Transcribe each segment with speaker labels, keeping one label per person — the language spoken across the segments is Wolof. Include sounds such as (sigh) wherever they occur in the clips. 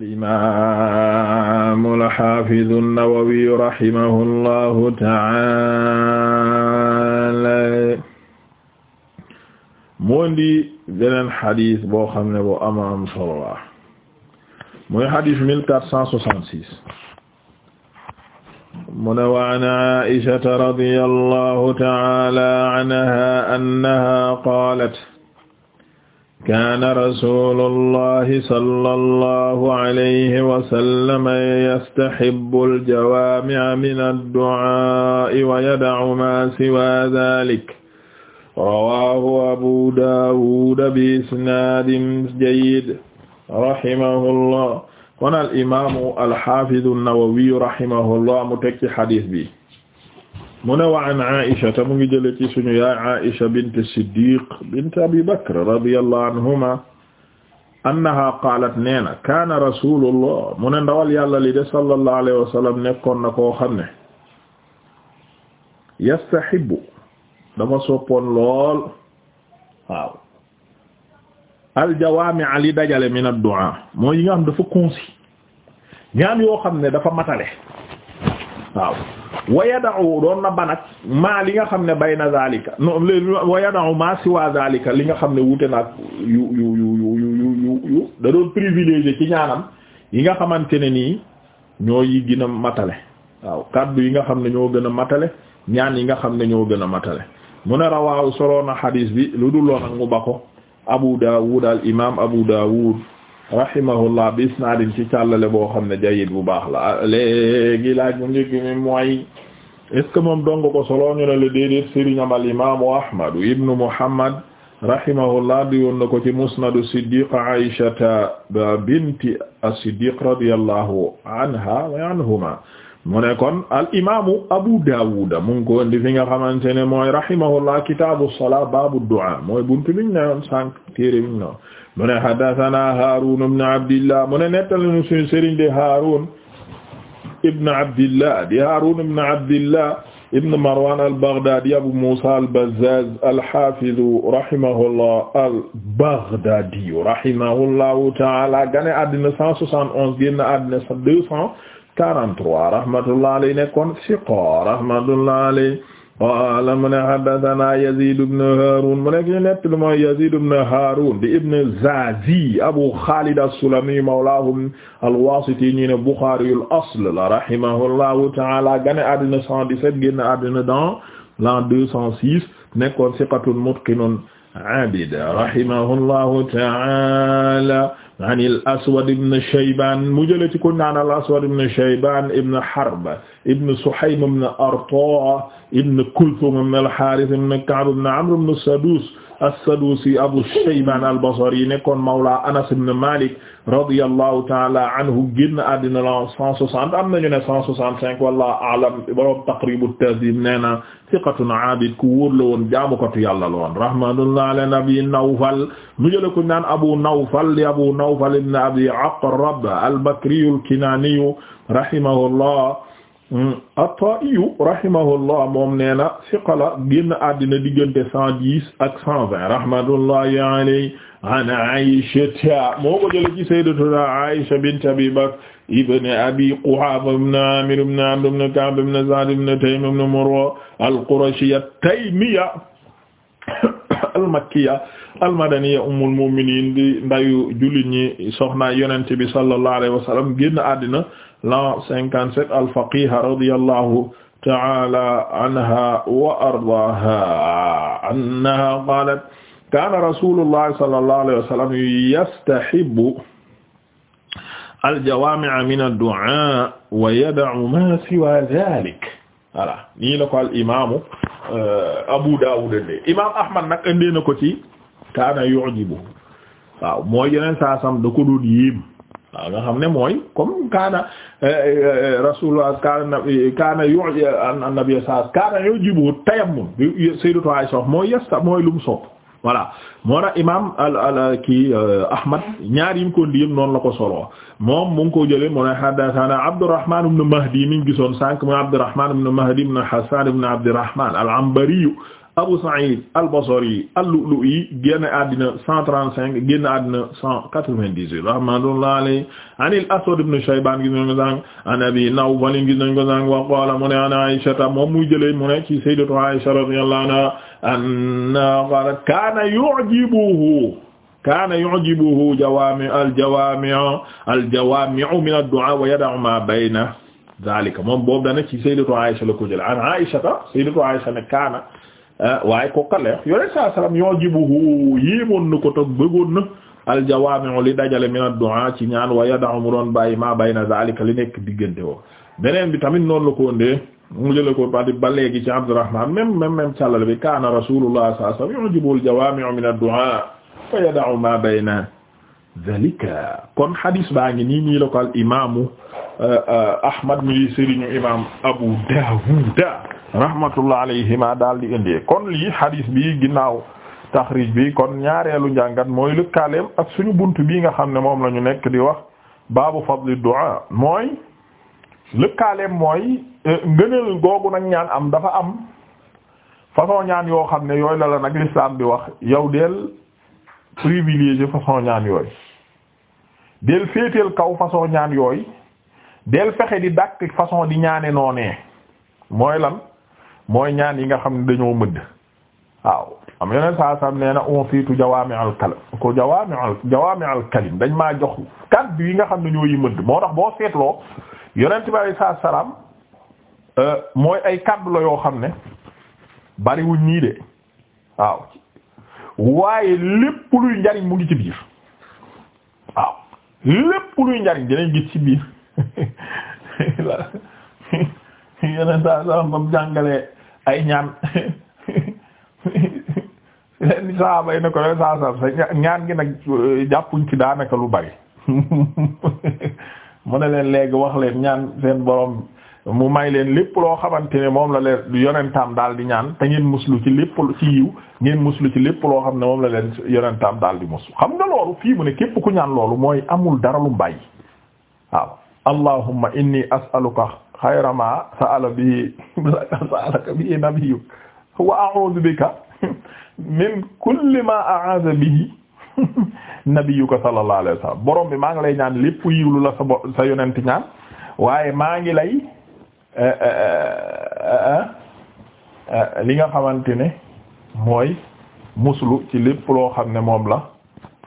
Speaker 1: Imaamu al-Haafiz an-Nawawi rahimahullahu ta'aala mu indi beneen xadis boo xam ne bu am am solo la muy xadis 1466 mu ne wa an Aa'isha radiyallahu ta'aala anhaa annahaa qaalat kaana rasuulullahi sallallahu alayhi wa sallam yastaxibbu aljawaami'a mina addu'aa'i wa yada'u maa siwaa zaalika rawaahu abuu daawuda bi isnaadin jayyid rahimahullah kon al imaamu alxaafidu nnawawiyu rahimahullah mu tekki xadiis bi mu ne wa an aishata mu ngi jële ci suñu yaay aisha bint bint abi bakr radiyallahu anhuma annaha qaalat nee na kaana rasulullah mu ne ndawal yàlla li de sallallahu alayhi wa sallam nekkoon na koo xam ne yastahibu dafa soppoon lool waaw aljawaami'a li dajale min ad-du'a mooy yi nga xam dafa concis ñaan yoo xam ne dafa matale waaw wayadau doon na banag maa li nga xam ne bay na zalika non wayadau maa siwa zalika li nga xam ne wute naag yu yu yu yu yu da doon privilégié ci ñaanam yi nga xamante ne nii ñoo yi gën a matale waaw kaddu yi nga xam ne ñoo gën a matale ñaan yi nga xam ne ñoo gën a matale mu ne rawaaw soloon na xadiis bi lu dul loon ak mu ba ko Abu Dawud al imaam Abu Dawud rahimahullah bi isnaadin ci càllale boo xam ne jayid bu baax la ah, léegi laaj bu njëkk mi mooy est ce que moom dong ko solo ñu ne le déedéet sëriñam al imaamu ahmadu ibnu muhammad rahimahullah di woon na ko ci musnadu siddiq aishata binti as-siddiq radiyallahu anha wa anhuma mu ne kon al imaamu Abu Dawud mu ngi ko indi fi nga xamante ne mooy rahimahullah kitaabu salaa baabu du'a mooy buntu bi ñu ne woon sànq téere bi ñu ne woon mu ne haddathana Haarun ibn Abdillah mu ne nettali nu suñu sëriñ de Haarun ibn Abdillah di Haarun ibn Abdillah ibn Marwan al-Baghdadi Abu Musa al-Bazzaz al-Hafiz rahimahullah al-Baghdadi rahimahullahu ta'ala gane àddina 171 génn àddina 200 43 rahmatullah alayhi nekkoon siqa rahmatullah alayhi qaala mu ne haddathana Yazid ibn Harun mu nekk ñu nett lu mooy Yazid ibn Harun di ibn Zazi Abu Khalid as-Sulami mawlahum al-Wasiti ñi ne Bukhari al-asl la rahimahullahu ta'ala gane àddina 117 génn àddina dans l'an 206 nekkoon siqatun mutqinun Abid rahimahullahu ta'ala an al-Aswad ibn Shayban mu jëlee ci ku naan al-Aswad ibn Shayban ibn Harb ibn Suhaym ibn Arta' ibn Kulthum ibn al-Harith ibn Ka'b ibn Amr ibn Sadus as-Sadusi Abu Shayban al-Basri nekkoon mawla Anas ibn Malik radiyallahu ta'ala anhu génn àddina la 160 am nañu ne 165 wallahu a'lam borom Taqrib at-Tahdhib nee na thiqatun 'abid ku wóor la woon jaamukatu yàlla la woon rahmatullahi ala nabi Nawfal mu jële ko naan Abu Nawfal li Abu Nawfal ibn Abi Aqrab al-Bakri al-Kinani rahimahullah Hmm. at-Ta'i rahimahullah moom nee na siqala génn àddina diggante cent dix ak cent vingt rahmatullahi alayhi an Aïshata moo ko jële ci sayyidatuna Aïsha bint Abi Bakr ibn Abi Quhafa ibn Amir ibn Amr ibn Ka'b ibn Sa'd ibn Taym ibn Murra al-Qurashiyya at-Taymiyya al-Makkiyya almadaniya ummul mu'minin di ndayu jullit ñi soxna yonent bi sallallahu alayhi wa sallam génn àddina l'an cinquante-sept al-faqiha radiyallahu ta'ala anha wa ardaaha annaha qalat kana rasulullah sallallahu alayhi wa sallam yastahibu al-jawami'a min ad-du'a wa yada'u ma siwa dhalik voilà nii la ko al imamu euh, Abu Dawud indi imam Ahmad nag indi na ko ci kaana yu'jibu waaw mooy yeneen saasam da ko doon ne mooy comme kaana eh, eh, eh, rasulullah kaana kaana yu'jibu an-nabiy saas kaana yu'jibu tayammum sayyidatu Aisha mooy yasta mooy lu mu sopp voilà moo tax imaam al al kii Ahmad ñaar yi mu ko ndiyam noonu la ko solo moom mu ngi ko jëlee mu ne haddathana Abdurrahman ibn Mahdi mi ngi gisoon sànq mu Abdurrahman ibn Mahdi ibn Hasan ibn Abdurrahman al-Anbari Abu Sa'id al-Basri al-Lu'lu'i génn àddina 135 génn àddina 198 rahmatullahi alayhi an al-Aswad ibn Shayban gis nañ ko sànq an Abi Nawfal gis nañ ko sànq wa qala mu ne an Aisha moom muy jëlee mu ne ci sayyidatu Aisha radiyallahu anha anna qala kana yu'jibuhu kaana yu'jibuhu jawaami al-jawaami' al-jawaami' min ad-du'aa wa yada'u maa bayna zaalika moom boobu dana ci sayyidatu Aisha la ko jëlee an Aisha sayyidatu Aisha ne kaana Eh, waaye ko kale yoneen saa salaam yoo jibuhu na ko toog bëggoon na aljawaami'u li dajale min ad ci ñaan wa yada'u mu doon bàyyi ma bayna zalika li nekk diggante woo beneen bi tamit noonu la ko wëndee mu jëlee ko ba léegi ci Abdurrahman même même même sàllale bi kaana rasulullah sallallahu alayhi wasallam yujibu al-jawaami'u min ad-du'a wa yada'u ma bayna zalika kon hadis baa ngi nii nii la ko al eh, eh, Ahmad mi imaam Abu Dawud rahmatullah alayhima daal di indee kon lii hadis bi ginnaaw taxrij bi kon ñaareelu njàngat mooy lëkkaaleem ak suñu bunt bii nga xam ne moom la ñu nekk di wax baabu fadli du'a mooy lëkkaaleem mooy eh, ngëneel googu nag ñaan am dafa am façon ñaan yoo xam ne yooyu la la nag l'islam bi wax yow del privilégié façon ñaan yooyu del féeteel kaw façon ñaan yooy del fexe di dàkk façon di ñaane noone mooy lan mooy ñaan yi nga xam ne dañoo mëdd waaw am yeneen saa sam nee na on fiitu jawaami'ul ko jawaami'ul jawaami'ul dañ maa jox kàddu yi nga xam ne ñoo yi mëdd moo tax boo seetloo yonent euh, yoo xam ne bariwuñ nii de waaw waaye lépp luy njariñ mu ngi ci biir waaw lépp luy njariñ dinañ gis ci biir yeneen saa sam bam jàngalee ay ñaan leen saaba yi ne ko saa saab sa ñaan gi nag euh, jàppuñ ci daanaka lu bari (laughs) mu ne leen léegi wax leen ñaan seen borom mu may leen lépp loo xamante ne moom la leen yonentam daal di ñaan te ngeen muslu ci lépp ci yiw ngeen muslu ci lépp loo xam ne moom la leen yonentam daal di muslu xam nga loolu fii mu ne képp ku ñaan loolu mooy amul dara lu mbàyyi waaw allahumma inni as'aluka xayra ma sa'ala bi sa'alaka bi nabiyyuk wa a'udhu min kulli ma bi maa ngi lay ñaan lépp yiw lu la sa sa yonent ñaan waaye maa ngi lay eh, eh, eh, li nga xamante ne mooy muslu ci lépp loo xam ne moom la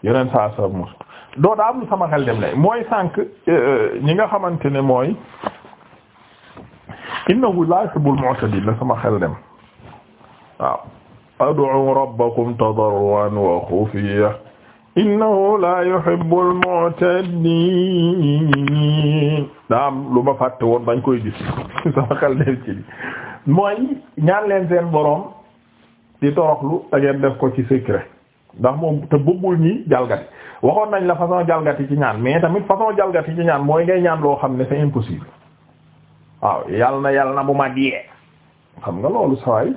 Speaker 1: yeneen saa sa muslu doo am sama xel dem ne mooy sànq ñi nga xamante ne mooy innahu la yuhibbul mu'tadin la sama xel dem waaw ad'u rabbakum tadarruan wa khufiyya innahu la yuhibbul mu'tadin daa am lu ma fàtte woon bañ koy gis (laughs) sama xel dem ci li mooy ñaan leen seen boroom di toroxlu da ngeen def ko ci secret ndax moom te bëggul ñi jalgati waxoon nañ la façon jalgati ci ñaan mais tamit façon jalgati ci ñaan mooy ngay ñaan loo xam ne c'est impossible waaw yal na yal na bu ma diyee xam nga loolu sawaay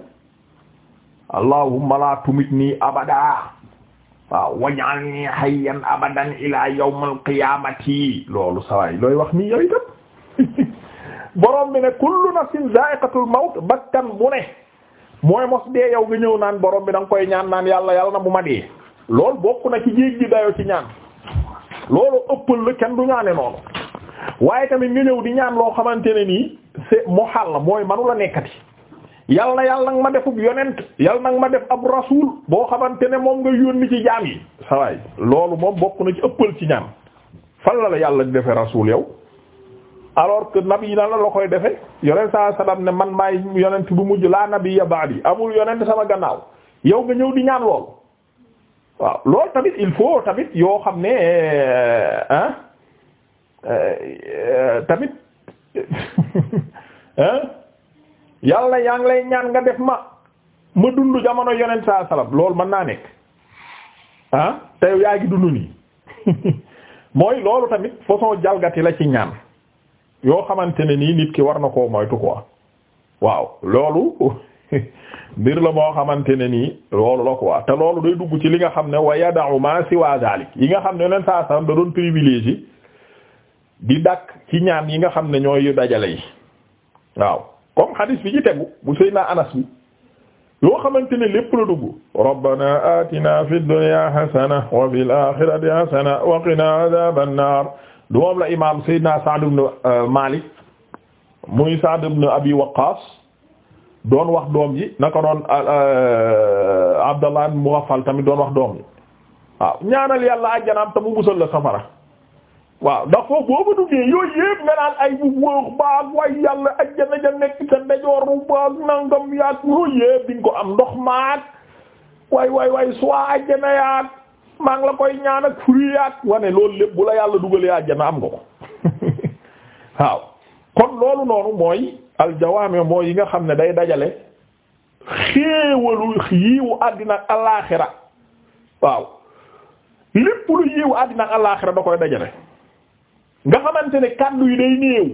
Speaker 1: allahumma la tumitni abada waaw waj'alni hayyan abadan ila yawmil qiyamati loolu sawaay looy wax nii yow itam (laughs) borom bi ne kullu nafsin za'iqatul mawt bakkan bu ne mooy mos dee yow nga ñëw naan borom bi da koy ñaan naan yàlla yàlla na bu ma dee loolu bokk na ci jéeg gi dayoo ci ñaan loolu ëppal la kenn du ñaane noonu waaye tamit nga ñëw di ñaan loo xamante ne nii c'est mu xàll mooy manu la nekkati yal na yal nag ma defub yonent yal nag ma def ab rasul boo xamante ne moom nga yónni ci jaam yi sawaay loolu moom bokk na ci ëppal ci ñaan fan la la yàlla di defe rasul yow alors que nabi yi la la koy defe yonent saa sallam ne man maay yonent bu mujj laa nabi ya ba'di amul yonent sama gannaaw yow nga ñëw di ñaan loolu waaw loolu tamit il faut tamit yoo xam ne ah Euh, euh, tamit (laughs) yàlla yaa ngi lay ñaan nga def ma ma dund jamono yonent saa salab loolu mën naa nekk ah te yow yaa ngi dund nii (laughs) mooy loolu tamit façon jalgati la ci ñaan yoo xamante ne nii nit ki war na koo moytu ko waaw loolu (laughs) mbir la moo xamante ne nii loolu la quoi te loolu day dugg ci li nga xam ne wa yada'u ma siwa zalik yi nga xam ne yonent saa salab da doon privilégié di dàkk ci ñaan yi nga xam ne ñooy dajale yi waaw comme xadis bi ci tegu bu sëy anas bi yoo xamante ne lépp la dugg rabbana atina fi dunya hasana wa fil akhirati hasana wa qina adhaban nar du moom la imam sayyidina Sa'd ibn euh, Malik muy Sa'd ibn Abi Waqqas doon wax doom ji naka noon euh, euh, Abdallah ibn Mughaffal tamit doon wax doom ji waaw ñaanal yàlla ajjanaam te mu musal la safara waaw ndax foofu boobu duggee yooyu yëpp nga naan ay bu wóox baag yàlla ajjana ja nekk ca ndejoor bu baag nangam yaag yooyu yëpp diñ ko am ndox maag waay waay waay soit ajjana yaag maa ngi la koy ñaan ak fruit yaag yàlla dugalee ajjana am ko (laughs) waaw kon loolu noonu mooy aljawaami mooy yi nga xam ne day dajale xéewalu yiwu àddina ak alaaxira waaw lépp lu yiwu àddina ak alaaxira da koy dajale nga xamante ne kàddu yi day néew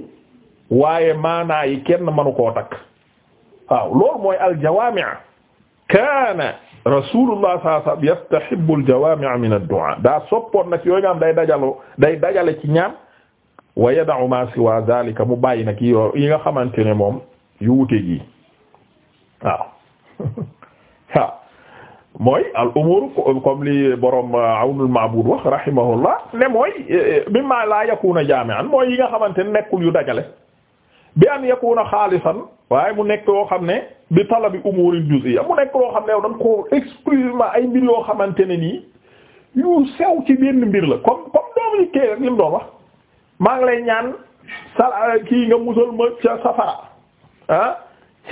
Speaker 1: waaye maanaa yi kenn manu koo takk waaw loolu mooy aljawaami'a kaana rasulullah sallallahu alayhi wasallam yastahibu aljawaami'a min ad-du'a daa soppoon nag yooyu am day dajaloo day dajale ci ñaan wa yada'u ma siwa dhalika mu bàyyi nag yi nga xamante ne moom yu wute (laughs) mooy al umur comme li borom euh, awnul ma'bud wax rahimahullah ne mooy euh, mimma la yakuna jami'an mooy yi nga xamante ne nekkul yu dajale bi an yakuna xaalisan waaye mu nekk yoo xam ne bi talabi umurin juz'iyya mu nekk loo xam ne yow dañ ko exclusivement ay mbir yoo xamante ne nii yu sew ci benn mbir la comme comme doomu kii rek li mu doon wax maa ngi lay ñaan sa kii nga musal ma ca safara ah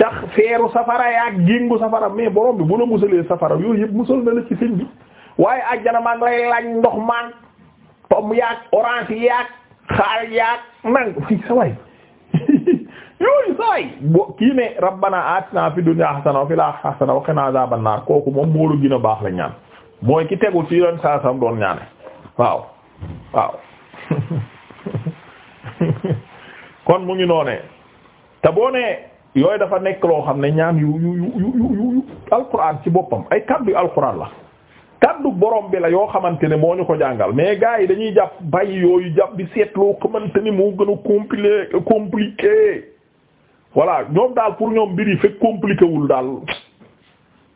Speaker 1: cax feeru safara yaak géngu safara mais borom bi bu la musalee safara yooyu yëpp musal na la ci bi waaye àjjana maa ngi lay laaj ndox maan pomme yaak orange yaak xaal yaak nang fii (laughs) yooyu sa way kii ne rabbana atina fi dunya hasana wa fil akhirati hasana wa qina azaban nar kooku moom moo lu gën a baax la ñaan mooy ki tegul ci yoon saa sam doon ñaane waaw waaw (laughs) kon mu ngi noonee te boo nee yooyu dafa nekk loo xam ne ñaan yu yu yu yu yu alquran ci boppam ay kaddu yu alquran la kaddu borom bi la yoo xamante ne moo ñu ko jàngal mais gars yi dañuy jàpp bàyyi yooyu jàpp di seetloo xamante ni moo gën a compliqué ñoom daal pour ñoom mbir yi wul daal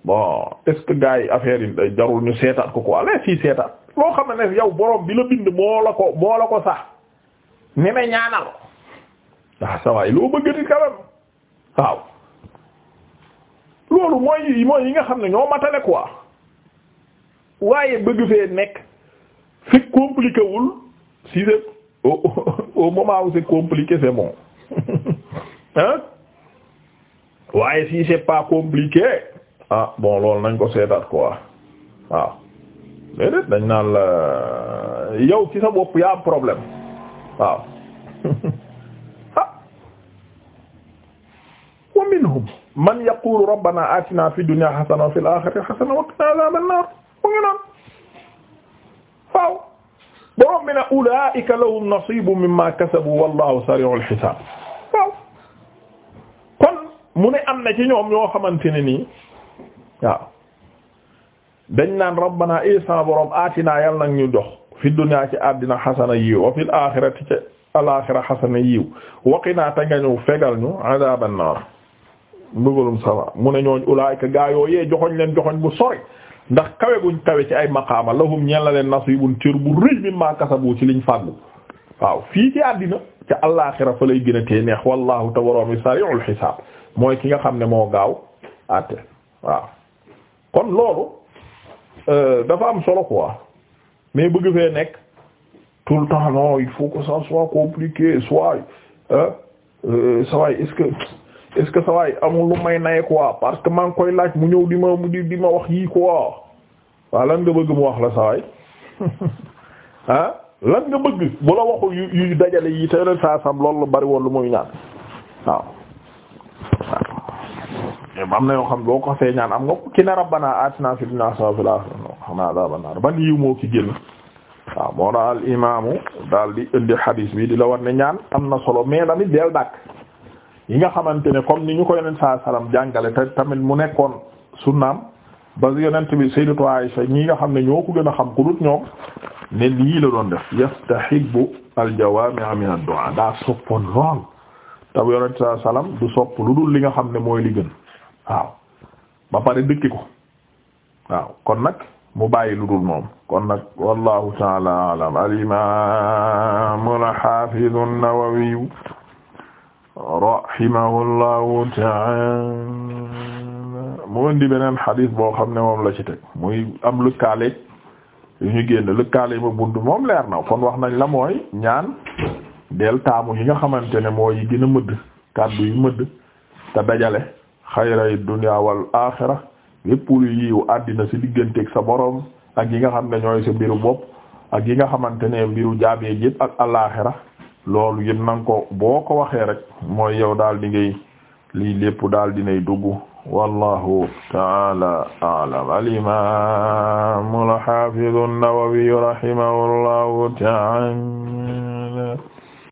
Speaker 1: yi affaire yi jarul ñu seetaat ko quoi les fii seetaat loo xam ne yow borom bi la bind moo la ko moo la ko sax ni ma ñaanal ah ça loo bëgg di quand waaw loolu mooy mooy yi nga xam ne ñoo matale quoi waaye bëgg fee nekk fi compliqué wul si c'est (laughs) au moment où c'est compliqué c'est bon (laughs) hein waaye si c'est pas compliqué ah bon loolu nañ ko seetaat quoi waaw déedéet dañ naan la yow ci sa bopp yaa am problème waaw man yaqulu rabbana atina fi dunya hasana wa fil akhirati hasana wa qina adhaban nar mu ngi noonu waaw borom mi ne ulaika lahum nasibu mimma kasabu wallahu sari'ul hisab waaw kon mu ne am na ci ñoom ñoo xamante ne nii waaw dañ naan rabbana isa eh, borom atina yal nag ñu jox fi dunya ci àddina hasana yiw wa fil akhirati ci al akhirati hasana yiw wa qina ta nga ñu fegal ñu adhaban nar mbugalum sawa mu ne ñooñ ulaayka gaa yoo yee joxoñ leen joxoñ bu sori ndax kawe guñ kawe ci ay maqaama lahum ñeen la leen nasibun cër bu rëy mi maa kasabu ci liñ fàggu waaw fii ci àddina ca àllaaxira fa lay gën a tee neex wallahu te waroom yi sari'ul xisaab mooy ki nga xam ne moo gaaw àtte waaw kon loolu euh, dafa am solo quoi mais bëgg fee nekk tout le temps non il faut que ça soit compliqué soit euh ça est est-ce que sa amul lu may naye quoi parce que maa koy laaj mu ñëw di ma mu di di ma wax yii quoi waaw lan nga bëgg mu la sa waay (laughs) ah lan nga waxul yu dajale yi te yoleen saa sam loolu bari woon lu muy ñaan waaw am na yoo xam boo ko xasee ñaan am nga ki ne rabbana atina fid dunya hasanatan wa fil akhirati hasanatan wa qina ban yiw moo ci génn waaw moo daal imaamu daal di indi hadis bi di la war ne ñaan am na solo mais tamit del dàkk yi nga xamante ne comme ni ñu ko yonent saa salaam jàngale te tamit mu nekkoon sunnaam ba yonent bi sayyidatu Aisha ñi nga xam ne ñoo ko gën a xam ku dut ñoom ne lii la doon def yastahibbu aljawaami' min ad-du'a daa soppoon lool te yonent saa salaam du sopp lu dul li nga xam ne mooy li gën waaw ba pare dëkki ko waaw kon nag mu bàyyi lu dul moom kon nag wallahu ta'ala a'lam al-imam nawawi rahimahullahu ta'ala mu indi beneen xadis boo xam ne moom la ci teg muy am lëkkaale yu ñu génn lëkkaale ba bunt moom leer na kon wax nañ la mooy ñaan del taamu yi nga xamante ne mooy yi gën a mëdd kàddu yi mëdd te dajale xayray dunya wal axira lépp lu yiwu àddina si digganteeg sa borom ak yi nga xam ne ñooy sa mbiru bopp ak yi nga xamante ne mbiru jaabee yëpp ak alaaxira loolu yëpp na nga ko boo ko waxee rek mooy yow daal di ngay lii lépp daal dinay dugg wallahu taala aalam alimamu alhafidu an-Nawawi rahimahullahu taala